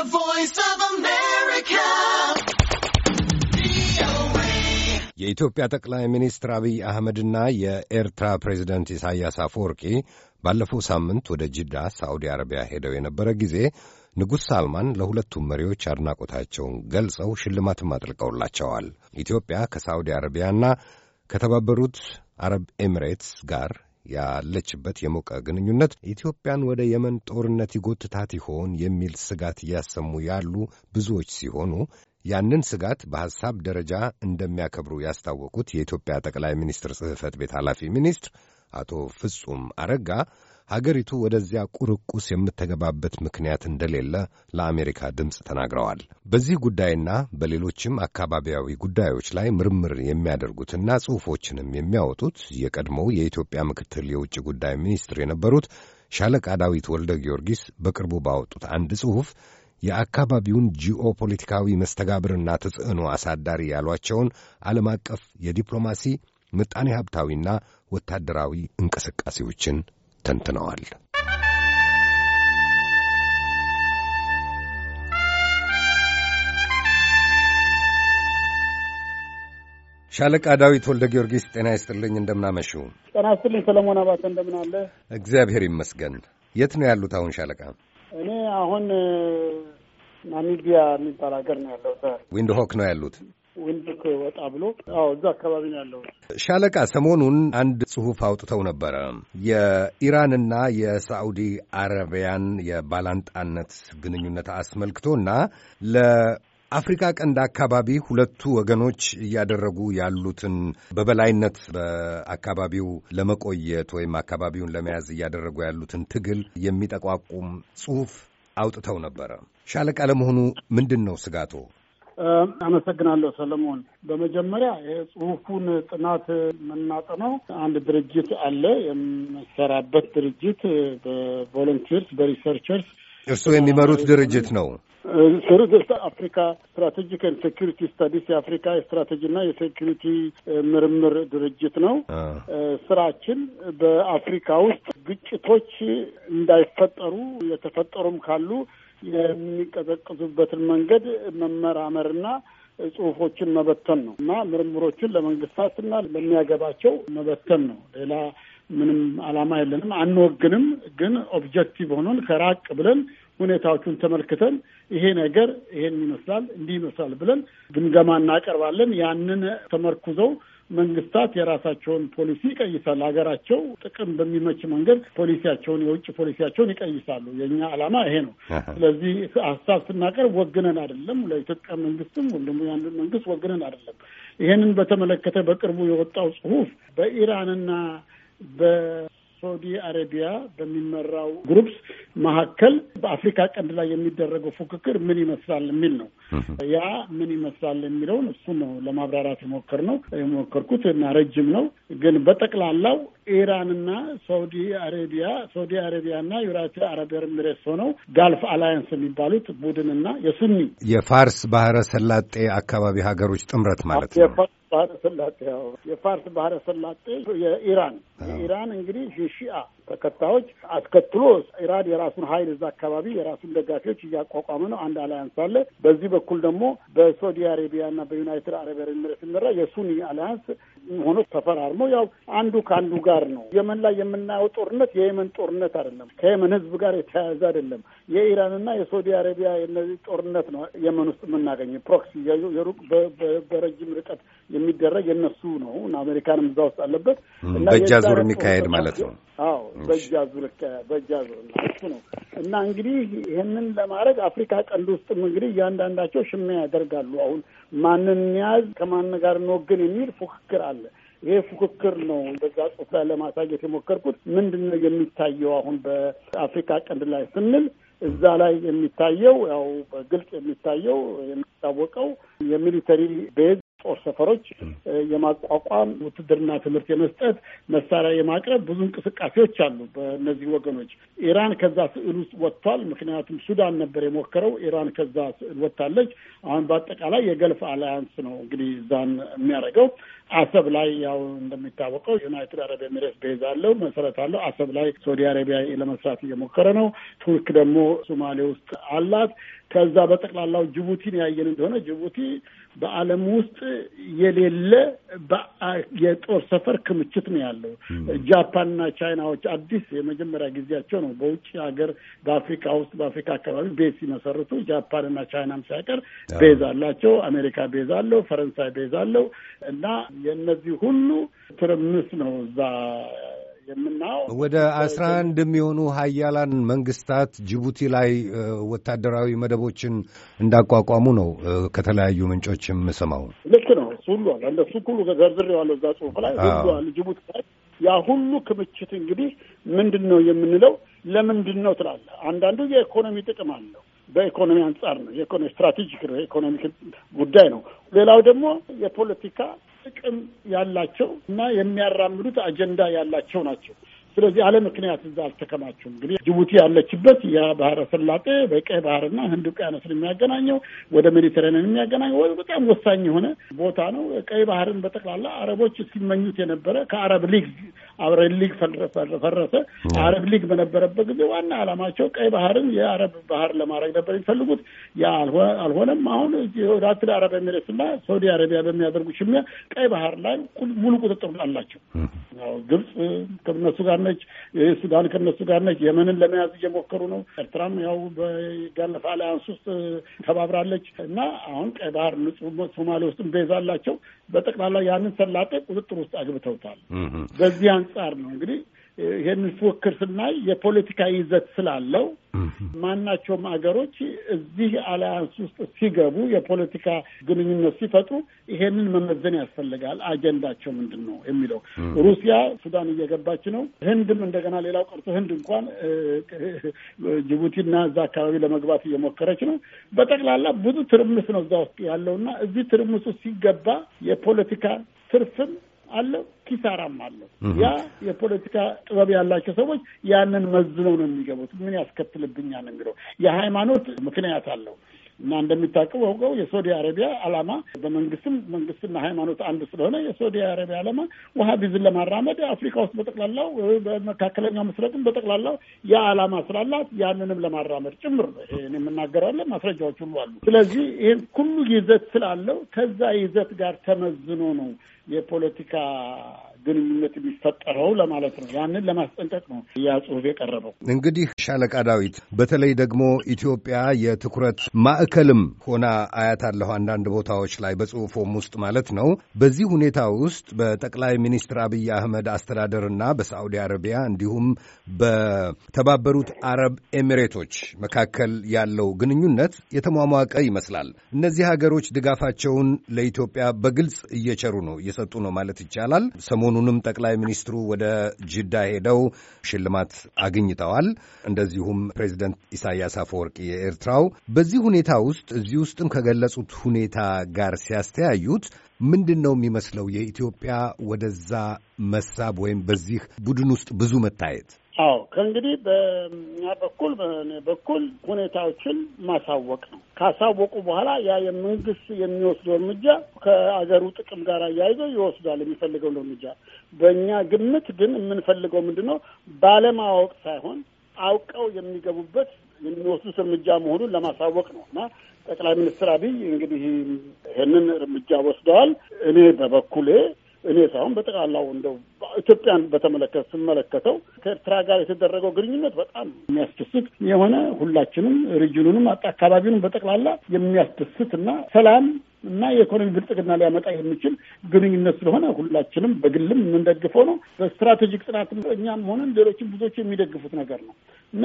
The Voice of America. የኢትዮጵያ ጠቅላይ ሚኒስትር አብይ አህመድና የኤርትራ ፕሬዚደንት ኢሳያስ አፈወርቂ ባለፈው ሳምንት ወደ ጅዳ ሳዑዲ አረቢያ ሄደው የነበረ ጊዜ ንጉሥ ሳልማን ለሁለቱም መሪዎች አድናቆታቸውን ገልጸው ሽልማትም አጥልቀውላቸዋል። ኢትዮጵያ ከሳዑዲ አረቢያና ከተባበሩት አረብ ኤሚሬትስ ጋር ያለችበት የሞቀ ግንኙነት ኢትዮጵያን ወደ የመን ጦርነት ይጎትታት ይሆን የሚል ስጋት እያሰሙ ያሉ ብዙዎች ሲሆኑ ያንን ስጋት በሐሳብ ደረጃ እንደሚያከብሩ ያስታወቁት የኢትዮጵያ ጠቅላይ ሚኒስትር ጽሕፈት ቤት ኃላፊ ሚኒስትር አቶ ፍጹም አረጋ አገሪቱ ወደዚያ ቁርቁስ የምትገባበት ምክንያት እንደሌለ ለአሜሪካ ድምፅ ተናግረዋል። በዚህ ጉዳይና በሌሎችም አካባቢያዊ ጉዳዮች ላይ ምርምር የሚያደርጉትና ጽሑፎችንም የሚያወጡት የቀድሞው የኢትዮጵያ ምክትል የውጭ ጉዳይ ሚኒስትር የነበሩት ሻለቃ ዳዊት ወልደ ጊዮርጊስ በቅርቡ ባወጡት አንድ ጽሑፍ የአካባቢውን ጂኦፖለቲካዊ መስተጋብርና ተጽዕኖ አሳዳሪ ያሏቸውን ዓለም አቀፍ የዲፕሎማሲ ምጣኔ ሀብታዊና ወታደራዊ እንቅስቃሴዎችን ተንትነዋል። ሻለቃ ዳዊት ወልደ ጊዮርጊስ ጤና ይስጥልኝ። እንደምናመሹ። ጤና ይስጥልኝ ሰለሞን አባተ እንደምናለ። እግዚአብሔር ይመስገን። የት ነው ያሉት አሁን ሻለቃ? እኔ አሁን ናሚቢያ የሚባል ሀገር ነው ያለው። ዊንድሆክ ሆክ ነው ያሉት? ሾልኮ ይወጣ ብሎ አዎ፣ እዛ አካባቢ ነው ያለው። ሻለቃ ሰሞኑን አንድ ጽሑፍ አውጥተው ነበረ። የኢራንና የሳዑዲ አረቢያን የባላንጣነት ግንኙነት አስመልክቶ እና ለ አፍሪካ ቀንድ አካባቢ ሁለቱ ወገኖች እያደረጉ ያሉትን በበላይነት በአካባቢው ለመቆየት ወይም አካባቢውን ለመያዝ እያደረጉ ያሉትን ትግል የሚጠቋቁም ጽሑፍ አውጥተው ነበረ። ሻለቃ ለመሆኑ ምንድን ነው ስጋቶ? አመሰግናለሁ ሰለሞን። በመጀመሪያ የጽሁፉን ጥናት የምናጠነው አንድ ድርጅት አለ የምሰራበት ድርጅት በቮለንቲርስ በሪሰርቸርስ እርስዎ የሚመሩት ድርጅት ነው። አፍሪካ ስትራቴጂክ ኤንድ ሴኪሪቲ ስታዲስ የአፍሪካ የስትራቴጂና የሴኪሪቲ ምርምር ድርጅት ነው። ስራችን በአፍሪካ ውስጥ ግጭቶች እንዳይፈጠሩ የተፈጠሩም ካሉ የሚቀዘቅዙበትን መንገድ መመራመርና ጽሁፎችን መበተን ነው እና ምርምሮችን ለመንግስታትና ለሚያገባቸው መበተን ነው። ሌላ ምንም አላማ የለንም። አንወግንም፣ ግን ኦብጀክቲቭ ሆኖን ከራቅ ብለን ሁኔታዎቹን ተመልክተን ይሄ ነገር ይሄን ይመስላል እንዲህ ይመስላል ብለን ግምገማ እናቀርባለን። ያንን ተመርኩዘው መንግስታት የራሳቸውን ፖሊሲ ይቀይሳል። ሀገራቸው ጥቅም በሚመች መንገድ ፖሊሲያቸውን የውጭ ፖሊሲያቸውን ይቀይሳሉ። የእኛ ዓላማ ይሄ ነው። ስለዚህ ሀሳብ ስናቀርብ ወግነን አይደለም፣ ለኢትዮጵያ መንግስትም ሁሉም ደግሞ መንግስት ወግነን አይደለም። ይሄንን በተመለከተ በቅርቡ የወጣው ጽሁፍ በኢራንና ሳውዲ አረቢያ በሚመራው ግሩፕስ መካከል በአፍሪካ ቀንድ ላይ የሚደረገው ፉክክር ምን ይመስላል የሚል ነው። ያ ምን ይመስላል የሚለውን እሱ ነው ለማብራራት የሞከር ነው የሞከርኩት እና ረጅም ነው ግን በጠቅላላው ኢራንና ሳውዲ አረቢያ ሳውዲ አረቢያና ዩናይትድ አረብ ኤምሬትስ ሆነው ጋልፍ አላያንስ የሚባሉት ቡድንና የሱኒ የፋርስ ባህረ ሰላጤ አካባቢ ሀገሮች ጥምረት ማለት ነው። ባህረ ሰላጤ የፋርስ ባህረ ሰላጤ የኢራን የኢራን እንግዲህ የሺአ ተከታዮች አስከትሎ ኢራን የራሱን ሀይል እዛ አካባቢ የራሱን ደጋፊዎች እያቋቋመ ነው። አንድ አላያንስ አለ። በዚህ በኩል ደግሞ በሳዑዲ አረቢያና በዩናይትድ አረብ ኤምሬትስ የሚመራ የሱኒ አላያንስ ሆኖ ተፈራርመው ያው አንዱ ከአንዱ ጋር ነው። የመን ላይ የምናየው ጦርነት የየመን ጦርነት አይደለም። ከየመን ህዝብ ጋር የተያያዘ አይደለም። የኢራንና የሳውዲ አረቢያ የነዚህ ጦርነት ነው የመን ውስጥ የምናገኝ ፕሮክሲ የሩቅ በረጅም ርቀት የሚደረግ የነሱ ነው። አሜሪካንም እዛ ውስጥ አለበት በእጃ ዙር የሚካሄድ ማለት ነው። አዎ በእጃ ዙር በእጃ ዙር እሱ ነው እና እንግዲህ ይህንን ለማድረግ አፍሪካ ቀንድ ውስጥም እንግዲህ እያንዳንዳቸው ሽሚያ ያደርጋሉ። አሁን ማንን ያዝ ከማን ጋር እንወግን የሚል ፉክክር አለ። ይሄ ፉክክር ነው። በዛ ጽሁፍ ላይ ለማሳየት የሞከርኩት ምንድን ነው የሚታየው አሁን በአፍሪካ ቀንድ ላይ ስንል እዛ ላይ የሚታየው ያው በግልጽ የሚታየው የሚታወቀው የሚሊተሪ ቤዝ ጦር ሰፈሮች የማቋቋም ውትድርና ትምህርት የመስጠት መሳሪያ የማቅረብ ብዙ እንቅስቃሴዎች አሉ በእነዚህ ወገኖች። ኢራን ከዛ ስዕል ውስጥ ወጥቷል። ምክንያቱም ሱዳን ነበር የሞከረው፣ ኢራን ከዛ ስዕል ወጥታለች። አሁን በአጠቃላይ የገልፍ አላያንስ ነው እንግዲህ እዛን የሚያደርገው። አሰብ ላይ ያው እንደሚታወቀው ዩናይትድ አረብ ኤሚሬት ቤዝ አለው መሰረት አለው። አሰብ ላይ ሳውዲ አረቢያ ለመስራት እየሞከረ ነው። ቱርክ ደግሞ ሶማሌ ውስጥ አላት። ከዛ በጠቅላላው ጅቡቲን ያየን እንደሆነ ጅቡቲ በዓለም ውስጥ የሌለ የጦር ሰፈር ክምችት ነው ያለው። ጃፓንና ቻይናዎች አዲስ የመጀመሪያ ጊዜያቸው ነው በውጭ ሀገር በአፍሪካ ውስጥ በአፍሪካ አካባቢ ቤዝ ሲመሰርቱ፣ ጃፓንና ቻይናም ሳይቀር ቤዝ አላቸው። አሜሪካ ቤዝ አለው፣ ፈረንሳይ ቤዝ አለው እና የእነዚህ ሁሉ ትርምስ ነው እዛ የምናየው ወደ አስራ አንድ የሚሆኑ ሀያላን መንግስታት ጅቡቲ ላይ ወታደራዊ መደቦችን እንዳቋቋሙ ነው ከተለያዩ ምንጮች የምሰማው። ልክ ነው። እሱ ሁሉ አለ እሱ ሁሉ ዘርዝሬዋለሁ እዛ ጽሁፍ ላይ ሁሉ አለ ጅቡቲ ላይ ያ ሁሉ ክምችት እንግዲህ ምንድን ነው የምንለው? ለምንድን ነው ትላለ። አንዳንዱ የኢኮኖሚ ጥቅም አለው። በኢኮኖሚ አንጻር ነው። የኢኮኖሚ ስትራቴጂክ ነው። የኢኮኖሚክ ጉዳይ ነው። ሌላው ደግሞ የፖለቲካ ጥቅም ያላቸው እና የሚያራምዱት አጀንዳ ያላቸው ናቸው። ስለዚህ አለ ምክንያት እዛ አልተከማቹም። እንግዲህ ጅቡቲ ያለችበት ያ ባህረ ሰላጤ በቀይ ባህርና ህንድ ውቅያኖስን የሚያገናኘው ወደ ሜዲትሬኒያን የሚያገናኘው በጣም ወሳኝ የሆነ ቦታ ነው። ቀይ ባህርን በጠቅላላ አረቦች ሲመኙት የነበረ ከአረብ ሊግ አረብ ሊግ ፈረሰ። አረብ ሊግ በነበረበት ጊዜ ዋና አላማቸው ቀይ ባህርን የአረብ ባህር ለማድረግ ነበር የሚፈልጉት። ያ አልሆነም። አሁን ዩናይትድ አረብ ኤሚሬትስ እና ሳውዲ አረቢያ በሚያደርጉ ሽሚያ ቀይ ባህር ላይ ሙሉ ቁጥጥር አላቸው። ግብጽ ከነሱ ጋር ጋር ነች፣ ሱዳን ከነሱ ጋር ነች፣ የመንን ለመያዝ እየሞከሩ ነው። ኤርትራም ያው በጋለፈ አሊያንስ ውስጥ ተባብራለች እና አሁን ቀይ ባህር ንጹህ ሶማሌ ውስጥ ቤዛ አላቸው። በጠቅላላ ያንን ሰላጤ ቁጥጥር ውስጥ አግብተውታል። በዚህ አንጻር ነው እንግዲህ ይህንን ፉክክር ስናይ የፖለቲካ ይዘት ስላለው ማናቸውም አገሮች እዚህ አሊያንስ ውስጥ ሲገቡ የፖለቲካ ግንኙነት ሲፈጥሩ ይሄንን መመዘን ያስፈልጋል። አጀንዳቸው ምንድን ነው የሚለው ሩሲያ ሱዳን እየገባች ነው። ህንድም እንደገና ሌላው ቀርቶ ህንድ እንኳን ጅቡቲና እዛ አካባቢ ለመግባት እየሞከረች ነው። በጠቅላላ ብዙ ትርምስ ነው እዛ ውስጥ ያለውና እዚህ ትርምሱ ሲገባ የፖለቲካ ትርፍም አለው፣ ኪሳራም አለው። ያ የፖለቲካ ጥበብ ያላቸው ሰዎች ያንን መዝነው ነው የሚገቡት። ምን ያስከትልብኛል የሚለው የሃይማኖት ምክንያት አለው። እና እንደሚታቀው ወገው የሳውዲ አረቢያ አላማ በመንግስትም መንግስትና ሃይማኖት አንድ ስለሆነ የሳውዲ አረቢያ ዓላማ ውሃቢዝን ለማራመድ አፍሪካ ውስጥ በጠቅላላው በመካከለኛው ምስራቅም በጠቅላላው ያ አላማ ስላላት ያንንም ለማራመድ ጭምር የምናገራለን ማስረጃዎች ሁሉ አሉ። ስለዚህ ይህን ሁሉ ይዘት ስላለው ከዛ ይዘት ጋር ተመዝኖ ነው የፖለቲካ ግንኙነት የሚፈጠረው ለማለት ነው። ያንን ለማስጠንቀቅ ነው ያ ጽሁፍ የቀረበው። እንግዲህ ሻለቃ ዳዊት፣ በተለይ ደግሞ ኢትዮጵያ የትኩረት ማዕከልም ሆና አያታለሁ አንዳንድ ቦታዎች ላይ በጽሁፎም ውስጥ ማለት ነው። በዚህ ሁኔታ ውስጥ በጠቅላይ ሚኒስትር አብይ አህመድ አስተዳደርና በሳዑዲ አረቢያ እንዲሁም በተባበሩት አረብ ኤሚሬቶች መካከል ያለው ግንኙነት የተሟሟቀ ይመስላል። እነዚህ ሀገሮች ድጋፋቸውን ለኢትዮጵያ በግልጽ እየቸሩ ነው እየሰጡ ነው ማለት ይቻላል። ሰሞ ሰሞኑንም ጠቅላይ ሚኒስትሩ ወደ ጅዳ ሄደው ሽልማት አግኝተዋል። እንደዚሁም ፕሬዚደንት ኢሳያስ አፈወርቂ የኤርትራው። በዚህ ሁኔታ ውስጥ እዚህ ውስጥም ከገለጹት ሁኔታ ጋር ሲያስተያዩት ምንድን ነው የሚመስለው የኢትዮጵያ ወደዛ መሳብ ወይም በዚህ ቡድን ውስጥ ብዙ መታየት አዎ ከእንግዲህ በእኛ በኩል በኩል ሁኔታዎችን ማሳወቅ ነው። ካሳወቁ በኋላ ያ የመንግስት የሚወስደው እርምጃ ከአገሩ ጥቅም ጋር አያይዞ ይወስዳል የሚፈልገውን እርምጃ። በእኛ ግምት ግን የምንፈልገው ምንድን ነው? ባለማወቅ ሳይሆን አውቀው የሚገቡበት የሚወስዱት እርምጃ መሆኑን ለማሳወቅ ነው እና ጠቅላይ ሚኒስትር አብይ እንግዲህ ይህንን እርምጃ ወስደዋል። እኔ በበኩሌ እኔ ሳይሆን በጠቅላላው እንደው ኢትዮጵያን በተመለከተ ስመለከተው ከኤርትራ ጋር የተደረገው ግንኙነት በጣም የሚያስደስት የሆነ ሁላችንም ሪጅኑንም አካባቢውንም በጠቅላላ የሚያስደስት እና ሰላም እና የኢኮኖሚ ብልጽግና ሊያመጣ የሚችል ግንኙነት ስለሆነ ሁላችንም በግልም የምንደግፈው ነው። በስትራቴጂክ ጥናት እኛም ሆነን ሌሎችም ብዙዎች የሚደግፉት ነገር ነው።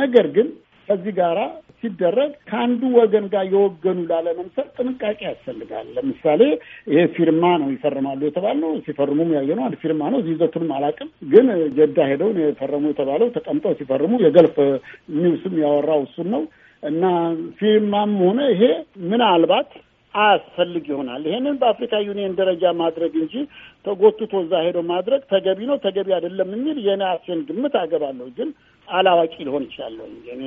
ነገር ግን ከዚህ ጋራ ሲደረግ ከአንዱ ወገን ጋር የወገኑ ላለመምሰል ጥንቃቄ ያስፈልጋል። ለምሳሌ ይሄ ፊርማ ነው ይፈርማሉ የተባለው ሲፈርሙም ያየነው አንድ ፊርማ ነው። ይዘቱንም አላውቅም፣ ግን ጀዳ ሄደው የፈረሙ የተባለው ተቀምጠው ሲፈርሙ የገልፍ ኒውስም ያወራው እሱን ነው እና ፊርማም ሆነ ይሄ ምናልባት አያስፈልግ ይሆናል። ይሄንን በአፍሪካ ዩኒየን ደረጃ ማድረግ እንጂ ተጎትቶ እዛ ሄዶ ማድረግ ተገቢ ነው ተገቢ አይደለም የሚል የኔ ግምት አገባለሁ ግን አላዋቂ ሊሆን ይችላለሁ። እኔ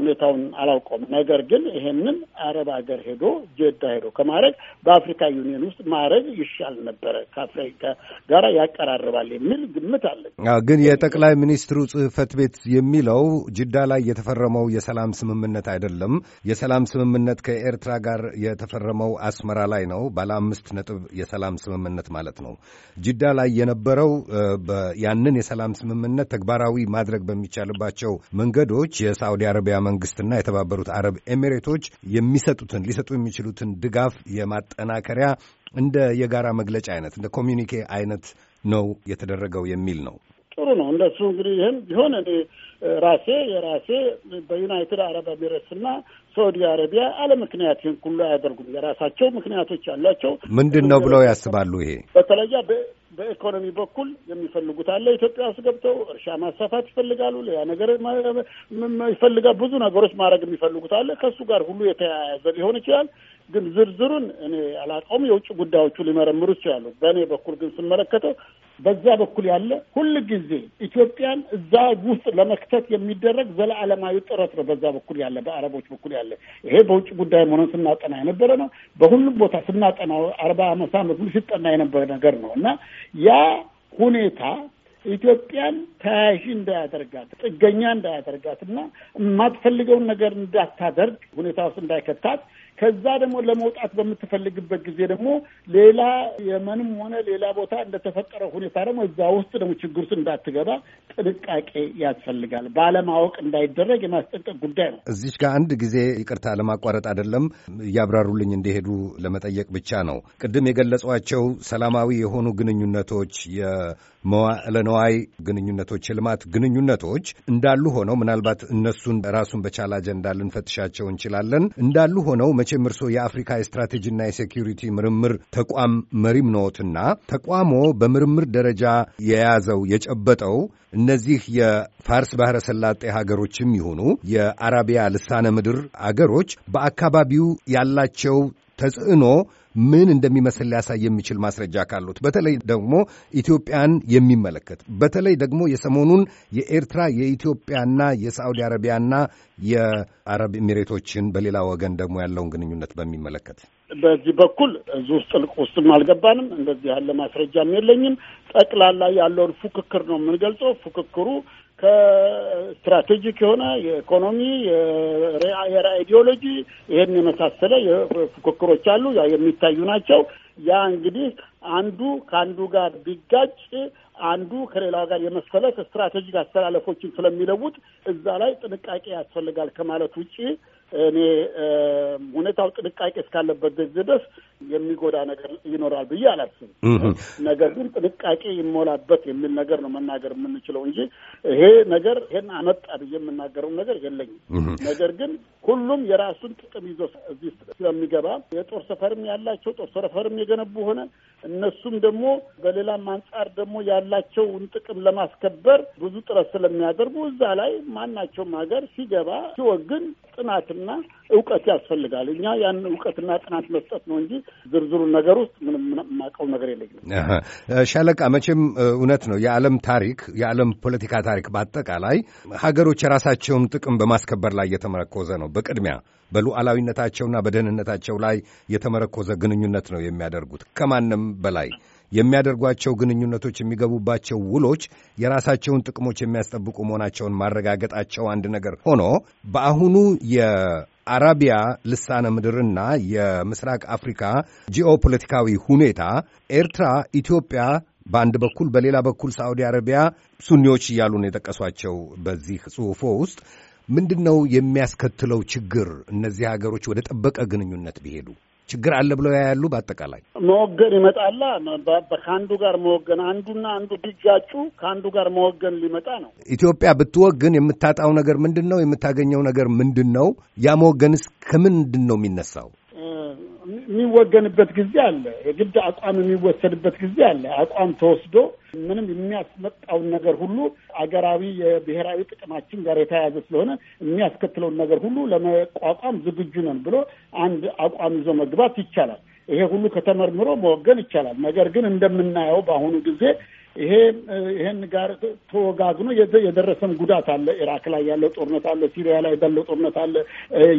ሁኔታውን አላውቀውም። ነገር ግን ይሄንን አረብ ሀገር ሄዶ ጀዳ ሄዶ ከማድረግ በአፍሪካ ዩኒየን ውስጥ ማድረግ ይሻል ነበረ፣ ከአፍሪካ ጋር ያቀራርባል የሚል ግምት አለ። ግን የጠቅላይ ሚኒስትሩ ጽህፈት ቤት የሚለው ጅዳ ላይ የተፈረመው የሰላም ስምምነት አይደለም። የሰላም ስምምነት ከኤርትራ ጋር የተፈረመው አስመራ ላይ ነው። ባለ አምስት ነጥብ የሰላም ስምምነት ማለት ነው። ጅዳ ላይ የነበረው ያንን የሰላም ስምምነት ተግባራዊ ማድረግ በሚቻልባቸው መንገዶች የሳዑዲ አረቢያ መንግስትና የተባበሩት አረብ ኤሚሬቶች የሚሰጡትን ሊሰጡ የሚችሉትን ድጋፍ የማጠናከሪያ እንደ የጋራ መግለጫ አይነት እንደ ኮሚኒኬ አይነት ነው የተደረገው የሚል ነው። ጥሩ ነው። እንደሱ እንግዲህ ይህም ቢሆን እኔ ራሴ የራሴ በዩናይትድ አረብ ኤሚሬትስ እና ሳዑዲ አረቢያ አለ ምክንያት ይህን ሁሉ አያደርጉም። የራሳቸው ምክንያቶች ያሏቸው ምንድን ነው ብለው ያስባሉ። ይሄ በተለያ በኢኮኖሚ በኩል የሚፈልጉት አለ። ኢትዮጵያ ውስጥ ገብተው እርሻ ማስፋፋት ይፈልጋሉ። ሌላ ነገር ይፈልጋል። ብዙ ነገሮች ማድረግ የሚፈልጉት አለ። ከእሱ ጋር ሁሉ የተያያዘ ሊሆን ይችላል። ግን ዝርዝሩን እኔ አላውቀውም። የውጭ ጉዳዮቹ ሊመረምሩ ይችላሉ። በእኔ በኩል ግን ስመለከተው በዛ በኩል ያለ ሁል ጊዜ ኢትዮጵያን እዛ ውስጥ ለመክተል ለመተቸት የሚደረግ ዘለዓለማዊ ጥረት ነው። በዛ በኩል ያለ በአረቦች በኩል ያለ ይሄ በውጭ ጉዳይ መሆነን ስናጠና የነበረ ነው። በሁሉም ቦታ ስናጠና አርባ አመሳ ዓመት ሁሉ ሲጠና የነበረ ነገር ነው እና ያ ሁኔታ ኢትዮጵያን ተያያዥ እንዳያደርጋት ጥገኛ እንዳያደርጋት እና የማትፈልገውን ነገር እንዳታደርግ ሁኔታ ውስጥ እንዳይከታት ከዛ ደግሞ ለመውጣት በምትፈልግበት ጊዜ ደግሞ ሌላ የመንም ሆነ ሌላ ቦታ እንደተፈጠረ ሁኔታ ደግሞ እዛ ውስጥ ደግሞ ችግር ውስጥ እንዳትገባ ጥንቃቄ ያስፈልጋል። ባለማወቅ እንዳይደረግ የማስጠንቀቅ ጉዳይ ነው። እዚች ጋር አንድ ጊዜ ይቅርታ ለማቋረጥ አይደለም እያብራሩልኝ እንደሄዱ ለመጠየቅ ብቻ ነው። ቅድም የገለጿቸው ሰላማዊ የሆኑ ግንኙነቶች መዋዕለ ነዋይ ግንኙነቶች፣ የልማት ግንኙነቶች እንዳሉ ሆነው ምናልባት እነሱን ራሱን በቻለ አጀንዳ ልንፈትሻቸው እንችላለን። እንዳሉ ሆነው መቼም እርሶ የአፍሪካ የስትራቴጂና የሴኪሪቲ ምርምር ተቋም መሪም ኖትና ተቋሞ በምርምር ደረጃ የያዘው የጨበጠው እነዚህ የፋርስ ባህረ ሰላጤ ሀገሮችም ይሁኑ የአረቢያ ልሳነ ምድር አገሮች በአካባቢው ያላቸው ተጽዕኖ ምን እንደሚመስል ሊያሳይ የሚችል ማስረጃ ካሉት በተለይ ደግሞ ኢትዮጵያን የሚመለከት በተለይ ደግሞ የሰሞኑን የኤርትራ የኢትዮጵያና የሳዑዲ አረቢያና የአረብ ኤሚሬቶችን በሌላ ወገን ደግሞ ያለውን ግንኙነት በሚመለከት በዚህ በኩል እዚህ ውስጥ ልቅ ውስጥም አልገባንም። እንደዚህ ያለ ማስረጃም የለኝም። ጠቅላላ ያለውን ፉክክር ነው የምንገልጸው። ፉክክሩ ከስትራቴጂክ የሆነ የኢኮኖሚ የአይዲዮሎጂ ይህን የመሳሰለ ፉክክሮች አሉ፣ የሚታዩ ናቸው። ያ እንግዲህ አንዱ ከአንዱ ጋር ቢጋጭ አንዱ ከሌላው ጋር የመሰለ ስትራቴጂክ አስተላለፎችን ስለሚለውጥ እዛ ላይ ጥንቃቄ ያስፈልጋል ከማለት ውጪ እኔ ሁኔታው ጥንቃቄ እስካለበት ጊዜ ድረስ የሚጎዳ ነገር ይኖራል ብዬ አላስብም። ነገር ግን ጥንቃቄ ይሞላበት የሚል ነገር ነው መናገር የምንችለው እንጂ ይሄ ነገር ይሄን አመጣ ብዬ የምናገረው ነገር የለኝም። ነገር ግን ሁሉም የራሱን ጥቅም ይዞ እዚህ ስለሚገባ የጦር ሰፈርም ያላቸው ጦር ሰፈርም የገነቡ ሆነ እነሱም ደግሞ በሌላም አንጻር ደግሞ ያላቸውን ጥቅም ለማስከበር ብዙ ጥረት ስለሚያደርጉ እዛ ላይ ማናቸውም ሀገር ሲገባ ሲወግን ጥናትና እውቀት ያስፈልጋል። እኛ ያን እውቀትና ጥናት መስጠት ነው እንጂ ዝርዝሩን ነገር ውስጥ ምንም የማውቀው ነገር የለኝም። ሻለቃ፣ መቼም እውነት ነው የዓለም ታሪክ የዓለም ፖለቲካ ታሪክ በአጠቃላይ ሀገሮች የራሳቸውን ጥቅም በማስከበር ላይ እየተመረኮዘ ነው በቅድሚያ በሉዓላዊነታቸውና በደህንነታቸው ላይ የተመረኮዘ ግንኙነት ነው የሚያደርጉት። ከማንም በላይ የሚያደርጓቸው ግንኙነቶች፣ የሚገቡባቸው ውሎች የራሳቸውን ጥቅሞች የሚያስጠብቁ መሆናቸውን ማረጋገጣቸው አንድ ነገር ሆኖ በአሁኑ አራቢያ ልሳነ ምድርና የምስራቅ አፍሪካ ጂኦፖለቲካዊ ሁኔታ ኤርትራ፣ ኢትዮጵያ በአንድ በኩል በሌላ በኩል ሳዑዲ አረቢያ ሱኒዎች እያሉ ነው የጠቀሷቸው በዚህ ጽሑፎ ውስጥ ምንድን ነው የሚያስከትለው ችግር? እነዚህ ሀገሮች ወደ ጠበቀ ግንኙነት ቢሄዱ ችግር አለ ብለው ያያሉ። በአጠቃላይ መወገን ይመጣላ። ከአንዱ ጋር መወገን አንዱና አንዱ ቢጋጩ ከአንዱ ጋር መወገን ሊመጣ ነው። ኢትዮጵያ ብትወግን የምታጣው ነገር ምንድን ነው? የምታገኘው ነገር ምንድን ነው? ያ መወገንስ ከምንድን ነው የሚነሳው? የሚወገንበት ጊዜ አለ። የግድ አቋም የሚወሰድበት ጊዜ አለ። አቋም ተወስዶ ምንም የሚያስመጣውን ነገር ሁሉ አገራዊ የብሔራዊ ጥቅማችን ጋር የተያያዘ ስለሆነ የሚያስከትለውን ነገር ሁሉ ለመቋቋም ዝግጁ ነን ብሎ አንድ አቋም ይዞ መግባት ይቻላል። ይሄ ሁሉ ከተመርምሮ መወገን ይቻላል። ነገር ግን እንደምናየው በአሁኑ ጊዜ ይሄ ይሄን ጋር ተወጋግኖ የደረሰም ጉዳት አለ። ኢራክ ላይ ያለው ጦርነት አለ፣ ሲሪያ ላይ ያለው ጦርነት አለ፣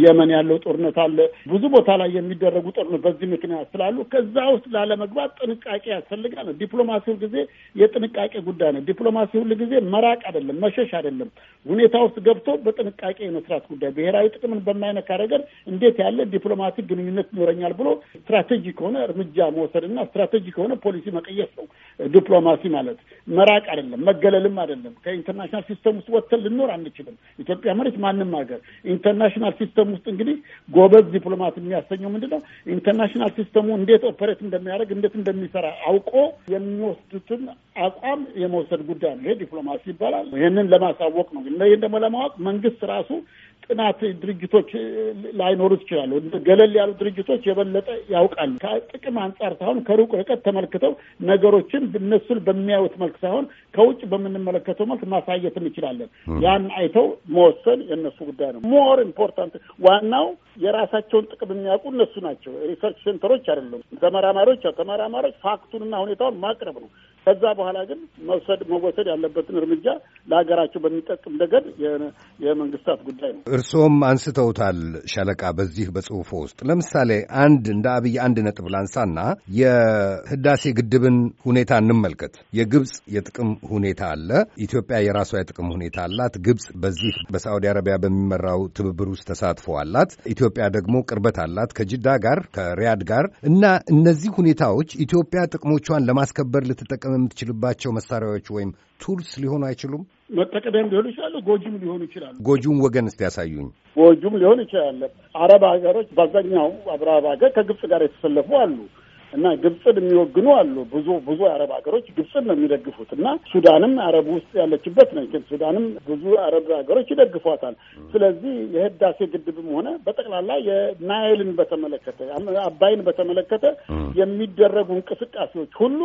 የመን ያለው ጦርነት አለ። ብዙ ቦታ ላይ የሚደረጉ ጦርነት በዚህ ምክንያት ስላሉ ከዛ ውስጥ ላለመግባት ጥንቃቄ ያስፈልጋል። ዲፕሎማሲ ሁልጊዜ የጥንቃቄ ጉዳይ ነው። ዲፕሎማሲ ሁልጊዜ መራቅ አይደለም፣ መሸሽ አይደለም። ሁኔታ ውስጥ ገብቶ በጥንቃቄ የመስራት ጉዳይ፣ ብሔራዊ ጥቅምን በማይነካ ነገር እንዴት ያለ ዲፕሎማቲክ ግንኙነት ይኖረኛል ብሎ ስትራቴጂ ከሆነ እርምጃ መውሰድና ስትራቴጂ ከሆነ ፖሊሲ መቀየስ ነው ዲፕሎማሲ ማለት ማለት መራቅ አይደለም፣ መገለልም አይደለም። ከኢንተርናሽናል ሲስተም ውስጥ ወጥተን ልኖር አንችልም። ኢትዮጵያ ማለት ማንም ሀገር ኢንተርናሽናል ሲስተም ውስጥ እንግዲህ ጎበዝ ዲፕሎማት የሚያሰኘው ምንድን ነው? ኢንተርናሽናል ሲስተሙ እንዴት ኦፐሬት እንደሚያደርግ እንዴት እንደሚሰራ አውቆ የሚወስዱትን አቋም የመውሰድ ጉዳይ ነው። ይሄ ዲፕሎማሲ ይባላል። ይህንን ለማሳወቅ ነው። ይህን ደግሞ ለማወቅ መንግስት ራሱ ጥናት ድርጅቶች ላይኖሩት ይችላሉ። ገለል ያሉ ድርጅቶች የበለጠ ያውቃሉ። ከጥቅም አንጻር ሳይሆን ከሩቅ ርቀት ተመልክተው ነገሮችን እነሱን በሚያዩት መልክ ሳይሆን ከውጭ በምንመለከተው መልክ ማሳየት እንችላለን። ያን አይተው መወሰን የእነሱ ጉዳይ ነው። ሞር ኢምፖርታንት ዋናው የራሳቸውን ጥቅም የሚያውቁ እነሱ ናቸው። ሪሰርች ሴንተሮች አይደለም፣ ተመራማሪዎች ተመራማሪዎች ፋክቱንና ሁኔታውን ማቅረብ ነው። ከዛ በኋላ ግን መውሰድ መወሰድ ያለበትን እርምጃ ለሀገራቸው በሚጠቅም ረገድ የመንግስታት ጉዳይ ነው። እርስዎም አንስተውታል ሻለቃ፣ በዚህ በጽሁፎ ውስጥ ለምሳሌ አንድ እንደ አብይ አንድ ነጥብ ላንሳና የህዳሴ ግድብን ሁኔታ እንመልከት። የግብፅ የጥቅም ሁኔታ አለ። ኢትዮጵያ የራሷ የጥቅም ሁኔታ አላት። ግብፅ በዚህ በሳዑዲ አረቢያ በሚመራው ትብብር ውስጥ ተሳትፎ አላት። ኢትዮጵያ ደግሞ ቅርበት አላት ከጅዳ ጋር ከሪያድ ጋር እና እነዚህ ሁኔታዎች ኢትዮጵያ ጥቅሞቿን ለማስከበር ልትጠቀም መጠቀም የምትችልባቸው መሳሪያዎች ወይም ቱልስ ሊሆኑ አይችሉም? መጠቀሚያም ሊሆኑ ይችላሉ፣ ጎጂም ሊሆኑ ይችላሉ። ጎጂውን ወገን እስቲ ያሳዩኝ። ጎጂም ሊሆን ይችላል። አረብ ሀገሮች በአብዛኛው አረብ ሀገር ከግብፅ ጋር የተሰለፉ አሉ። እና ግብፅን የሚወግኑ አሉ። ብዙ ብዙ የአረብ ሀገሮች ግብፅን ነው የሚደግፉት እና ሱዳንም አረብ ውስጥ ያለችበት ነው። ግን ሱዳንም ብዙ አረብ ሀገሮች ይደግፏታል። ስለዚህ የህዳሴ ግድብም ሆነ በጠቅላላ የናይልን በተመለከተ አባይን በተመለከተ የሚደረጉ እንቅስቃሴዎች ሁሉ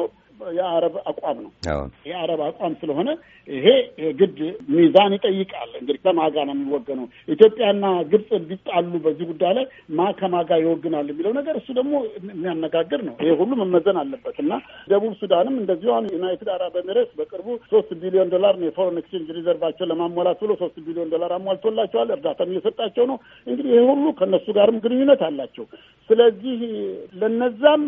የአረብ አቋም ነው። የአረብ አቋም ስለሆነ ይሄ ግድ ሚዛን ይጠይቃል። እንግዲህ ከማጋ ነው የሚወገነው። ኢትዮጵያና ግብፅ ቢጣሉ በዚህ ጉዳይ ላይ ማ ከማጋ ይወግናል የሚለው ነገር እሱ ደግሞ የሚያነጋግር ነው። ነው። ይሄ ሁሉ መመዘን አለበት እና ደቡብ ሱዳንም እንደዚሁ አሁን ዩናይትድ አረብ ኤሚሬትስ በቅርቡ ሶስት ቢሊዮን ዶላር ነው የፎረን ኤክስቼንጅ ሪዘርቫቸው ለማሟላት ብሎ ሶስት ቢሊዮን ዶላር አሟልቶላቸዋል። እርዳታም እየሰጣቸው ነው። እንግዲህ ይሄ ሁሉ ከእነሱ ጋርም ግንኙነት አላቸው። ስለዚህ ለነዛም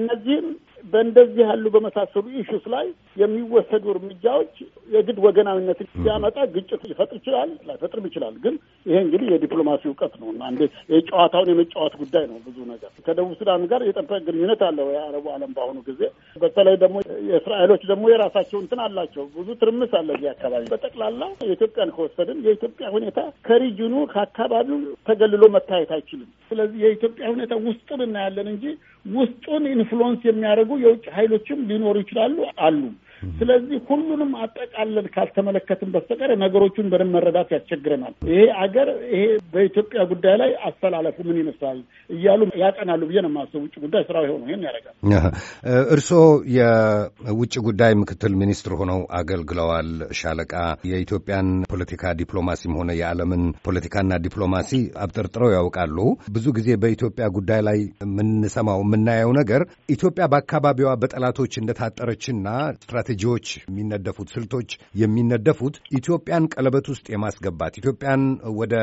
እነዚህም በእንደዚህ ያሉ በመሳሰሉ ኢሹስ ላይ የሚወሰዱ እርምጃዎች የግድ ወገናዊነት ሲያመጣ ግጭት ሊፈጥር ይችላል፣ ላይፈጥርም ይችላል። ግን ይሄ እንግዲህ የዲፕሎማሲ እውቀት ነው እና እንዴት የጨዋታውን የመጫወት ጉዳይ ነው። ብዙ ነገር ከደቡብ ሱዳን ጋር የጠበቀ ግንኙነት አለው የአረቡ ዓለም በአሁኑ ጊዜ። በተለይ ደግሞ የእስራኤሎች ደግሞ የራሳቸው እንትን አላቸው። ብዙ ትርምስ አለ እዚህ አካባቢ። በጠቅላላ የኢትዮጵያን ከወሰድን የኢትዮጵያ ሁኔታ ከሪጅኑ ከአካባቢው ተገልሎ መታየት አይችልም። ስለዚህ የኢትዮጵያ ሁኔታ ውስጡን እናያለን እንጂ ውስጡን ኢንፍሉወንስ የሚያደርጉ የውጭ ኃይሎችም ሊኖሩ ይችላሉ አሉ። ስለዚህ ሁሉንም አጠቃለን ካልተመለከትን በስተቀር ነገሮቹን በደንብ መረዳት ያስቸግረናል። ይሄ አገር ይሄ በኢትዮጵያ ጉዳይ ላይ አስተላለፉ ምን ይመስላል እያሉ ያጠናሉ ብዬ ነው የማስበው። ውጭ ጉዳይ ስራው የሆነው ይህን ያደርጋል። እርስዎ የውጭ ጉዳይ ምክትል ሚኒስትር ሆነው አገልግለዋል ሻለቃ። የኢትዮጵያን ፖለቲካ ዲፕሎማሲም ሆነ የዓለምን ፖለቲካና ዲፕሎማሲ አብጠርጥረው ያውቃሉ። ብዙ ጊዜ በኢትዮጵያ ጉዳይ ላይ የምንሰማው የምናየው ነገር ኢትዮጵያ በአካባቢዋ በጠላቶች እንደታጠረችና ስትራቴጂ ስትራቴጂዎች የሚነደፉት ስልቶች የሚነደፉት ኢትዮጵያን ቀለበት ውስጥ የማስገባት ኢትዮጵያን ወደ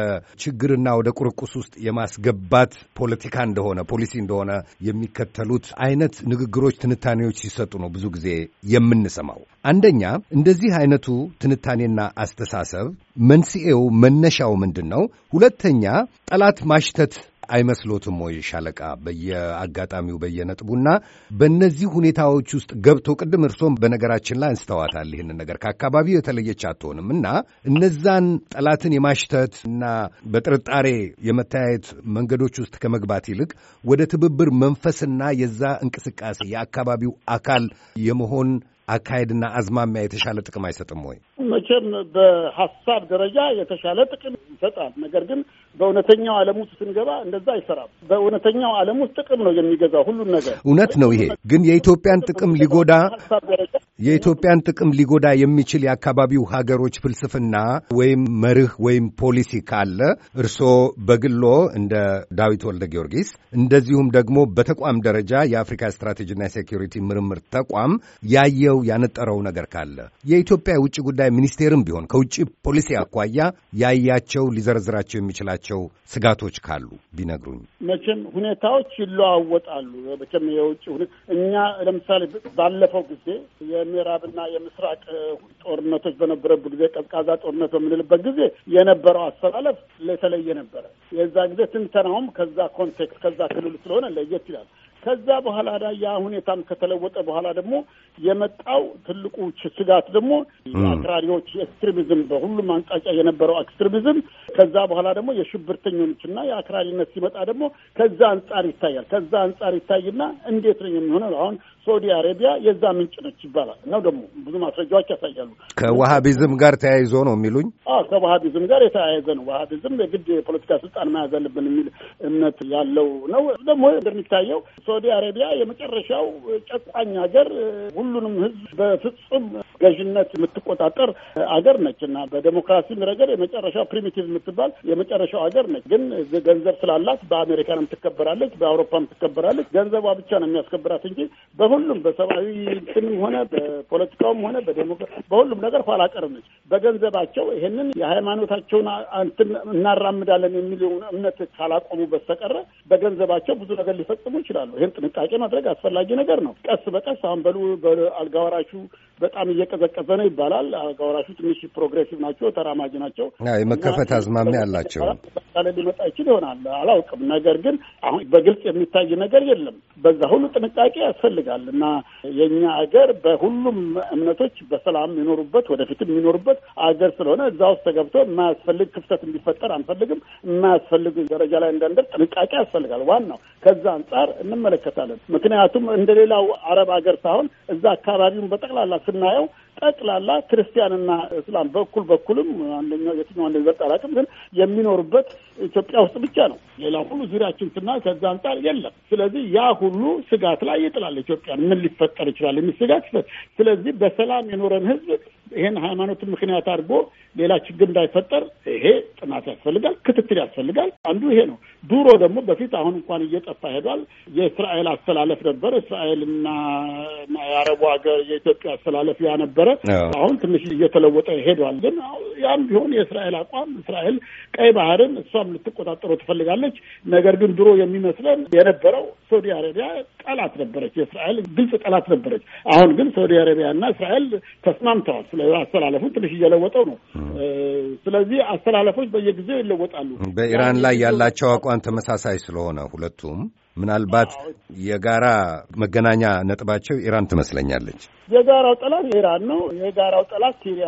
ችግርና ወደ ቁርቁስ ውስጥ የማስገባት ፖለቲካ እንደሆነ ፖሊሲ እንደሆነ የሚከተሉት አይነት ንግግሮች፣ ትንታኔዎች ሲሰጡ ነው ብዙ ጊዜ የምንሰማው። አንደኛ እንደዚህ አይነቱ ትንታኔና አስተሳሰብ መንስኤው መነሻው ምንድን ነው? ሁለተኛ ጠላት ማሽተት አይመስሎትም ወይ ሻለቃ? በየአጋጣሚው በየነጥቡና በእነዚህ ሁኔታዎች ውስጥ ገብቶ ቅድም እርሶም በነገራችን ላይ አንስተዋታል ይህንን ነገር ከአካባቢው የተለየች አትሆንም እና እነዛን ጠላትን የማሽተት እና በጥርጣሬ የመተያየት መንገዶች ውስጥ ከመግባት ይልቅ ወደ ትብብር መንፈስና የዛ እንቅስቃሴ የአካባቢው አካል የመሆን አካሄድና አዝማሚያ የተሻለ ጥቅም አይሰጥም ወይ? መቼም በሀሳብ ደረጃ የተሻለ ጥቅም ይሰጣል። ነገር ግን በእውነተኛው ዓለም ውስጥ ስንገባ እንደዛ አይሰራም። በእውነተኛው ዓለም ውስጥ ጥቅም ነው የሚገዛው ሁሉን ነገር። እውነት ነው። ይሄ ግን የኢትዮጵያን ጥቅም ሊጎዳ የኢትዮጵያን ጥቅም ሊጎዳ የሚችል የአካባቢው ሀገሮች ፍልስፍና ወይም መርህ ወይም ፖሊሲ ካለ እርስዎ በግሎ እንደ ዳዊት ወልደ ጊዮርጊስ እንደዚሁም ደግሞ በተቋም ደረጃ የአፍሪካ ስትራቴጂና ሴኪሪቲ ምርምር ተቋም ያየው ያነጠረው ነገር ካለ የኢትዮጵያ የውጭ ጉዳይ ሚኒስቴርም ቢሆን ከውጭ ፖሊሲ አኳያ ያያቸው ሊዘረዝራቸው የሚችላቸው ስጋቶች ካሉ ቢነግሩኝ። መቼም ሁኔታዎች ይለዋወጣሉ። መቼም የውጭ እኛ ለምሳሌ ባለፈው ጊዜ የምዕራብና የምስራቅ ጦርነቶች በነበረበት ጊዜ፣ ቀዝቃዛ ጦርነት በምንልበት ጊዜ የነበረው አሰላለፍ የተለየ ነበረ። የዛ ጊዜ ትንተናውም ከዛ ኮንቴክስት ከዛ ክልል ስለሆነ ለየት ይላል። ከዛ በኋላ ዳ ያ ሁኔታም ከተለወጠ በኋላ ደግሞ የመጣው ትልቁ ስጋት ደግሞ የአክራሪዎች ኤክስትሪሚዝም፣ በሁሉም አቅጣጫ የነበረው ኤክስትሪሚዝም ከዛ በኋላ ደግሞ የሽብርተኞች እና የአክራሪነት ሲመጣ ደግሞ ከዛ አንጻር ይታያል። ከዛ አንጻር ይታይና እንዴት ነው የሚሆነው? አሁን ሳውዲ አረቢያ የዛ ምንጭ ነች ይባላል ነው ደግሞ ብዙ ማስረጃዎች ያሳያሉ። ከዋሃቢዝም ጋር ተያይዞ ነው የሚሉኝ። ከዋሃቢዝም ጋር የተያያዘ ነው። ዋሃቢዝም የግድ የፖለቲካ ስልጣን መያዝ አለብን የሚል እምነት ያለው ነው። ደግሞ እንደሚታየው ሳውዲ አረቢያ የመጨረሻው ጨቋኝ ሀገር፣ ሁሉንም ህዝብ በፍጹም ገዥነት የምትቆጣጠር አገር ነች እና በዴሞክራሲም ረገድ የመጨረሻው ፕሪሚቲቭ የምትባል የመጨረሻው ሀገር ነች። ግን ገንዘብ ስላላት በአሜሪካንም ትከበራለች፣ በአውሮፓም ትከበራለች። ገንዘቧ ብቻ ነው የሚያስከብራት እንጂ በሁሉም በሰብአዊ እንትንም ሆነ በፖለቲካውም ሆነ በዴሞክራሲ በሁሉም ነገር ኋላ ቀር ነች። በገንዘባቸው ይህንን የሃይማኖታቸውን እንትን እናራምዳለን የሚል እምነት ካላቆሙ በስተቀረ በገንዘባቸው ብዙ ነገር ሊፈጽሙ ይችላሉ። ይህን ጥንቃቄ ማድረግ አስፈላጊ ነገር ነው። ቀስ በቀስ አሁን በሉ አልጋ ወራሹ በጣም እየቀዘቀዘ ነው ይባላል። አልጋ ወራሹ ትንሽ ፕሮግሬሲቭ ናቸው፣ ተራማጅ ናቸው፣ የመከፈት አዝማሚያ አላቸው። ለ ሊመጣ ይችል ይሆናል አላውቅም። ነገር ግን አሁን በግልጽ የሚታይ ነገር የለም። በዛ ሁሉ ጥንቃቄ ያስፈልጋል። ይኖራል እና የእኛ ሀገር በሁሉም እምነቶች በሰላም የሚኖሩበት ወደፊትም የሚኖሩበት አገር ስለሆነ እዛ ውስጥ ተገብቶ የማያስፈልግ ክፍተት እንዲፈጠር አንፈልግም። የማያስፈልግ ደረጃ ላይ እንዳንደር ጥንቃቄ ያስፈልጋል። ዋናው ከዛ አንጻር እንመለከታለን። ምክንያቱም እንደ ሌላው አረብ ሀገር ሳይሆን እዛ አካባቢውን በጠቅላላ ስናየው ጠቅላላ ክርስቲያንና እስላም በኩል በኩልም አንደኛው የትኛው እንደሚበልጥ አላውቅም፣ ግን የሚኖሩበት ኢትዮጵያ ውስጥ ብቻ ነው። ሌላ ሁሉ ዙሪያችን ስና ከዛ አንጻር የለም። ስለዚህ ያ ሁሉ ስጋት ላይ ይጥላል ኢትዮጵያን። ምን ሊፈጠር ይችላል የሚል ስጋት። ስለዚህ በሰላም የኖረን ህዝብ ይሄን ሃይማኖትን ምክንያት አድርጎ ሌላ ችግር እንዳይፈጠር ይሄ ጥናት ያስፈልጋል፣ ክትትል ያስፈልጋል። አንዱ ይሄ ነው። ዱሮ ደግሞ በፊት አሁን እንኳን እየጠፋ ሄዷል። የእስራኤል አስተላለፍ ነበር። እስራኤልና የአረቡ ሀገር የኢትዮጵያ አስተላለፍ ያ ነበር ነበረ። አሁን ትንሽ እየተለወጠ ሄዷል። ግን ያም ቢሆን የእስራኤል አቋም እስራኤል ቀይ ባህርን እሷም ልትቆጣጠሮ ትፈልጋለች። ነገር ግን ድሮ የሚመስለን የነበረው ሳውዲ አረቢያ ጠላት ነበረች፣ የእስራኤል ግልጽ ጠላት ነበረች። አሁን ግን ሳውዲ አረቢያ እና እስራኤል ተስማምተዋል። ስለ አስተላለፉ ትንሽ እየለወጠው ነው። ስለዚህ አስተላለፎች በየጊዜው ይለወጣሉ። በኢራን ላይ ያላቸው አቋም ተመሳሳይ ስለሆነ ሁለቱም ምናልባት የጋራ መገናኛ ነጥባቸው ኢራን ትመስለኛለች። የጋራው ጠላት ኢራን ነው። የጋራው ጠላት ሲሪያ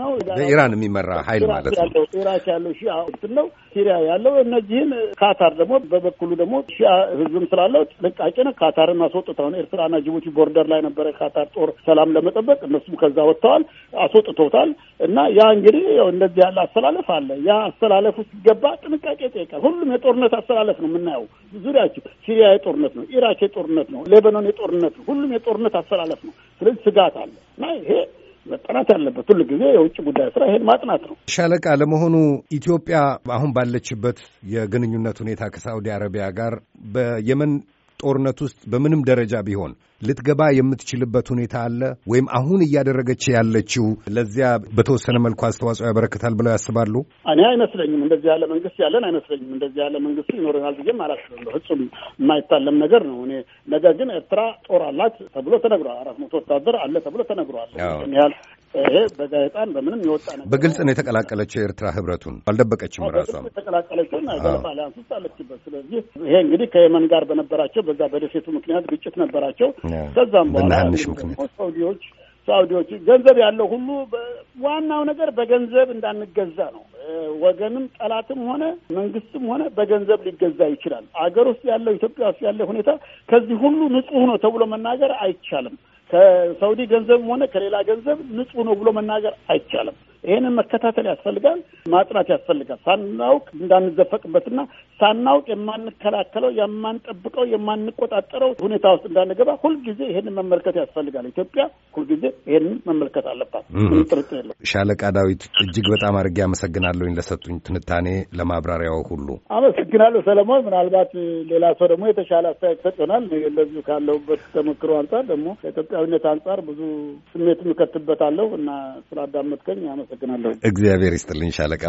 ነው። በኢራን የሚመራ ኃይል ማለት ነው። ኢራክ ያለው ሺ እንትን ነው። ሲሪያ ያለው እነዚህን ካታር ደግሞ በበኩሉ ደግሞ ሺያ ህዝብም ስላለው ጥንቃቄ ነው። ካታርን አስወጥተውን ኤርትራና ጅቡቲ ቦርደር ላይ ነበረ ካታር ጦር ሰላም ለመጠበቅ እነሱም ከዛ ወጥተዋል፣ አስወጥቶታል። እና ያ እንግዲህ እንደዚህ ያለ አስተላለፍ አለ። ያ አስተላለፉ ሲገባ ጥንቃቄ ይጠይቃል። ሁሉም የጦርነት አስተላለፍ ነው የምናየው ሁላችሁ ሲሪያ የጦርነት ነው፣ ኢራክ የጦርነት ነው፣ ሌበኖን የጦርነት ነው፣ ሁሉም የጦርነት አሰላለፍ ነው። ስለዚህ ስጋት አለ እና ይሄ መጠናት ያለበት ሁል ጊዜ የውጭ ጉዳይ ስራ ይሄን ማጥናት ነው። ሻለቃ ለመሆኑ ኢትዮጵያ አሁን ባለችበት የግንኙነት ሁኔታ ከሳዑዲ አረቢያ ጋር በየመን ጦርነት ውስጥ በምንም ደረጃ ቢሆን ልትገባ የምትችልበት ሁኔታ አለ ወይም አሁን እያደረገች ያለችው ለዚያ በተወሰነ መልኩ አስተዋጽኦ ያበረክታል ብለው ያስባሉ? እኔ አይመስለኝም። እንደዚህ ያለ መንግስት ያለን አይመስለኝም። እንደዚህ ያለ መንግስት ይኖረናል ብዬም አላስብም። ፍጹም የማይታለም ነገር ነው። እኔ ነገር ግን ኤርትራ ጦር አላት ተብሎ ተነግሯል። አራት መቶ ወታደር አለ ተብሎ ተነግሯል። ያህል በጋዜጣን በምንም የወጣ ነገር በግልጽ ነው የተቀላቀለችው። የኤርትራ ህብረቱን አልደበቀችም። ራሷም ተቀላቀለችው እና ውስጥ አለችበት። ስለዚህ ይሄ እንግዲህ ከየመን ጋር በነበራቸው በዛ በደሴቱ ምክንያት ግጭት ነበራቸው። ከዛም በኋላ ሳውዲዎች ሳውዲዎች ገንዘብ ያለው ሁሉ ዋናው ነገር በገንዘብ እንዳንገዛ ነው። ወገንም ጠላትም ሆነ መንግስትም ሆነ በገንዘብ ሊገዛ ይችላል። አገር ውስጥ ያለው ኢትዮጵያ ውስጥ ያለው ሁኔታ ከዚህ ሁሉ ንጹህ ነው ተብሎ መናገር አይቻልም። ከሳውዲ ገንዘብም ሆነ ከሌላ ገንዘብ ንጹህ ነው ብሎ መናገር አይቻልም። ይሄንን መከታተል ያስፈልጋል፣ ማጥናት ያስፈልጋል። ሳናውቅ እንዳንዘፈቅበትና ሳናውቅ የማንከላከለው የማንጠብቀው፣ የማንቆጣጠረው ሁኔታ ውስጥ እንዳንገባ ሁልጊዜ ይሄንን መመልከት ያስፈልጋል። ኢትዮጵያ ሁልጊዜ ይሄንን መመልከት አለባት። ጥርጥር የለም። ሻለቃ ዳዊት እጅግ በጣም አድርጌ አመሰግናለሁኝ ለሰጡኝ ትንታኔ፣ ለማብራሪያው ሁሉ አመሰግናለሁ ሰለሞን። ምናልባት ሌላ ሰው ደግሞ የተሻለ አስተያየት ሰጥ ይሆናል። እንደዚሁ ካለሁበት ተሞክሮ አንጻር ደግሞ ከኢትዮጵያዊነት አንጻር ብዙ ስሜት ምከትበታለሁ እና ስላዳመጥከኝ አመሰግናለሁ። እግዚአብሔር ይስጥልኝ ሻለቃ።